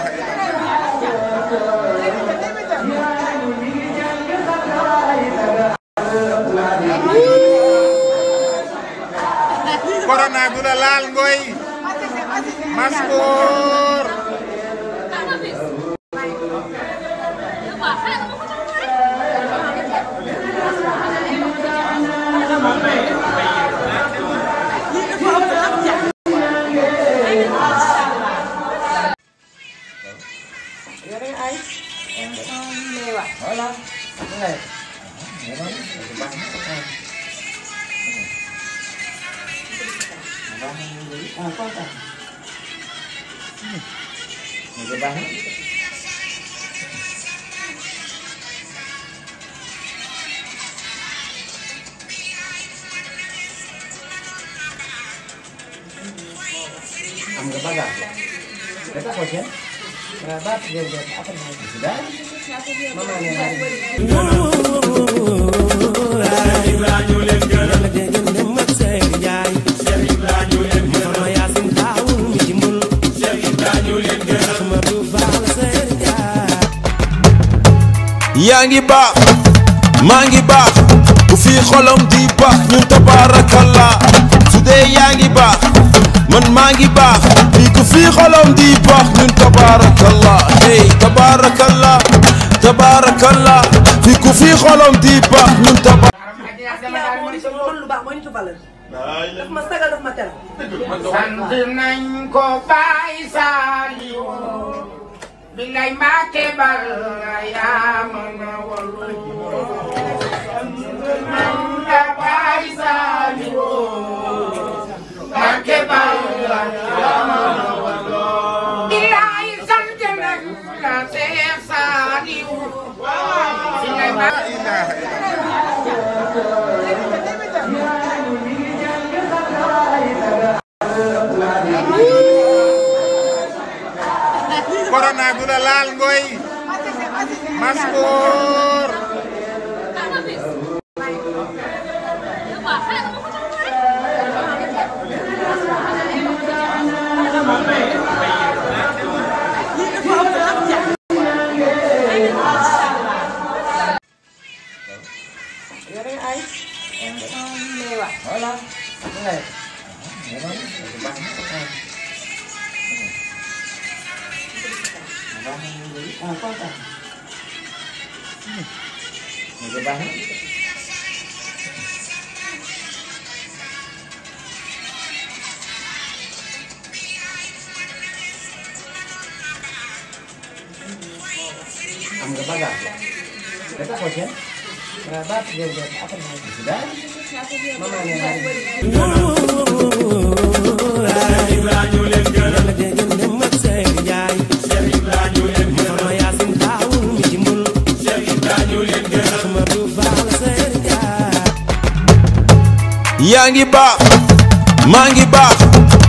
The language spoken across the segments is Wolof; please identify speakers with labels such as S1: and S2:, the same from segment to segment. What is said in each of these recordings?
S1: ilaha illallah corona bu la maskoor Vô đấy ấy Em có nêu à Mở lên Cái này Mở lên Mở lên À, con cả. Người ta bán. Ăn cái bát gà. Đấy các hồi chén. yaa ngi baax maa ngi baax bu fi xolam di baax ñun tabarakallah su dee yaa ngi baax man maa ngi baax fii ku fii xolom di baax ñun tabaarakallah hey tabaarakallah tabaarakallah fii ku fii xolom di baax ñun tabaar. ko bàyyi saaliw. a ilaha illallah corona du la laal ngoy maskoor yore ay meewa voilà ngay ah kontaan nga baax
S2: na am nga bagage la.
S1: Dapat kau siapa? yaa ngi baax maa ngi baax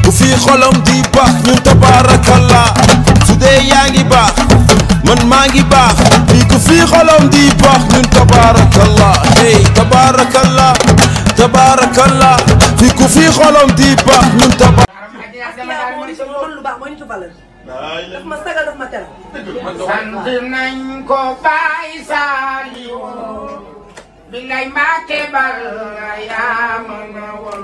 S1: bu fi xolam di baax ñun tabarakallah su dee yaa ngi baax man maa ngi baax lii ko fii xolom di baax ñun tabaarakallah hey tabaarakallah tabaarakallah fii ko fii xolom di baax ñun tabaar. daf ma sagal daf ma tere. sant nañ ko bàyyi Saliou.